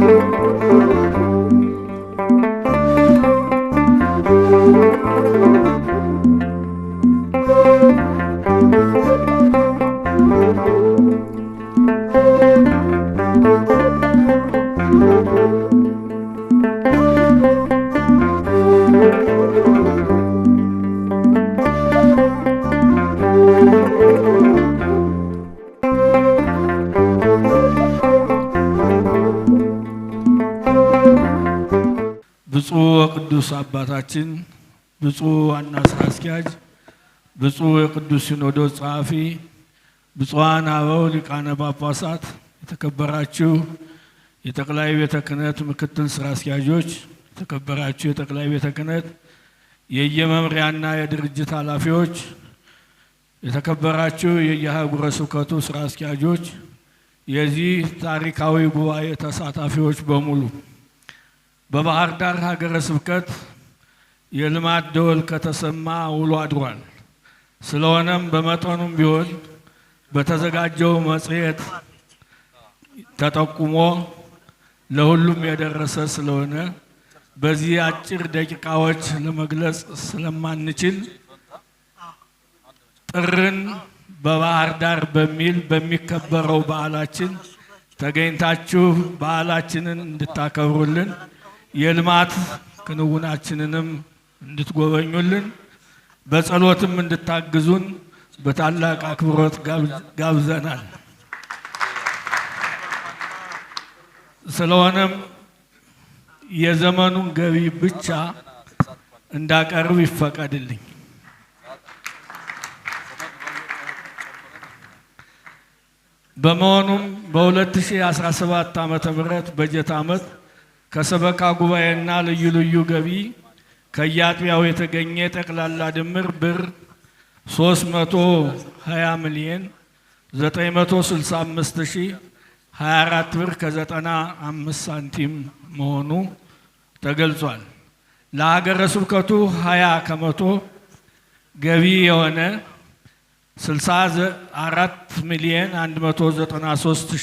thank you ብፁዕ ቅዱስ አባታችን፣ ብፁዕ ዋና ስራ አስኪያጅ፣ ብፁዕ የቅዱስ ሲኖዶስ ጸሐፊ፣ ብፁዓን አበው ሊቃነ ጳጳሳት፣ የተከበራችሁ የጠቅላይ ቤተ ክህነት ምክትል ስራ አስኪያጆች፣ የተከበራችሁ የጠቅላይ ቤተ ክህነት የየመምሪያና የድርጅት ኃላፊዎች፣ የተከበራችሁ የየሀገረ ስብከቱ ስራ አስኪያጆች፣ የዚህ ታሪካዊ ጉባኤ ተሳታፊዎች በሙሉ በባህር ዳር ሀገረ ስብከት የልማት ደወል ከተሰማ ውሎ አድሯል። ስለሆነም በመጠኑም ቢሆን በተዘጋጀው መጽሔት ተጠቁሞ ለሁሉም የደረሰ ስለሆነ በዚህ አጭር ደቂቃዎች ለመግለጽ ስለማንችል ጥርን በባህር ዳር በሚል በሚከበረው በዓላችን ተገኝታችሁ በዓላችንን እንድታከብሩልን የልማት ክንውናችንንም እንድትጎበኙልን በጸሎትም እንድታግዙን በታላቅ አክብሮት ጋብዘናል። ስለሆነም የዘመኑን ገቢ ብቻ እንዳቀርብ ይፈቀድልኝ። በመሆኑም በ2017 ም በጀት ዓመት ከሰበካ ጉባኤና ልዩ ልዩ ገቢ ከየአጥቢያው የተገኘ ጠቅላላ ድምር ብር 320 ሚሊዮን 24 ብር ከ95 ሳንቲም መሆኑ ተገልጿል። ለሀገረ ስብከቱ 20 ከመቶ ገቢ የሆነ 64 ሚሊዮን 193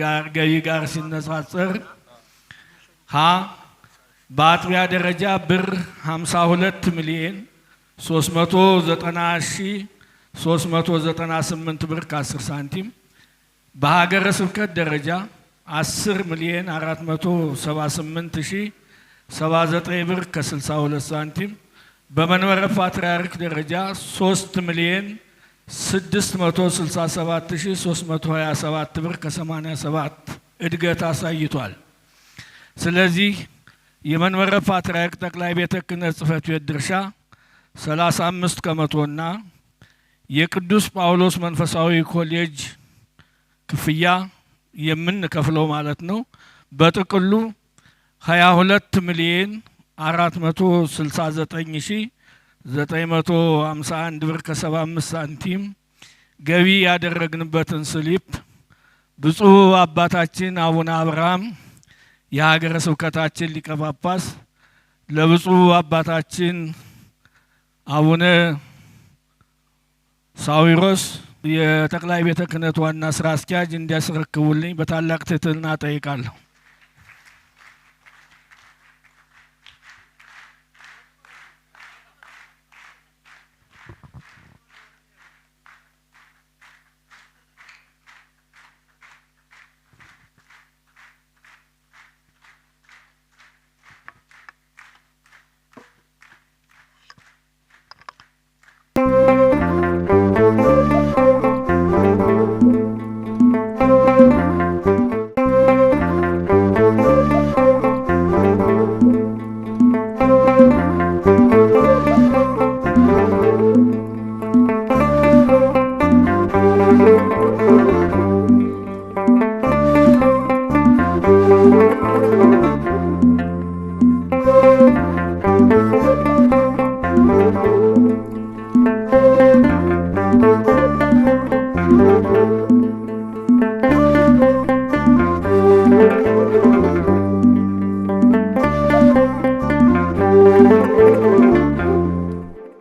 ጋር ገቢ ጋር ሲነጻጸር ሀ በአጥቢያ ደረጃ ብር 52 ሚሊዮን 398 ብር ከ10 ሳንቲም በሀገረ ስብከት ደረጃ 10 ሚሊዮን 79 ብር ከ62 ሳንቲም በመንበረ ፓትርያርክ ደረጃ 3 ሚሊዮን 667327 ብር ከ87 እድገት አሳይቷል። ስለዚህ የመንበረ ፓትርያርክ ጠቅላይ ቤተ ክህነት ጽሕፈት ቤት ድርሻ 35 ከመቶና የቅዱስ ጳውሎስ መንፈሳዊ ኮሌጅ ክፍያ የምንከፍለው ማለት ነው በጥቅሉ 22 ሚሊዮን 469 951 ብር ከ75 ሳንቲም ገቢ ያደረግንበትን ስሊፕ ብፁዕ አባታችን አቡነ አብርሃም የሀገረ ስብከታችን ሊቀ ጳጳስ ለብፁዕ አባታችን አቡነ ሳዊሮስ የጠቅላይ ቤተ ክህነት ዋና ስራ አስኪያጅ እንዲያስረክቡልኝ በታላቅ ትህትና ጠይቃለሁ። Thank you.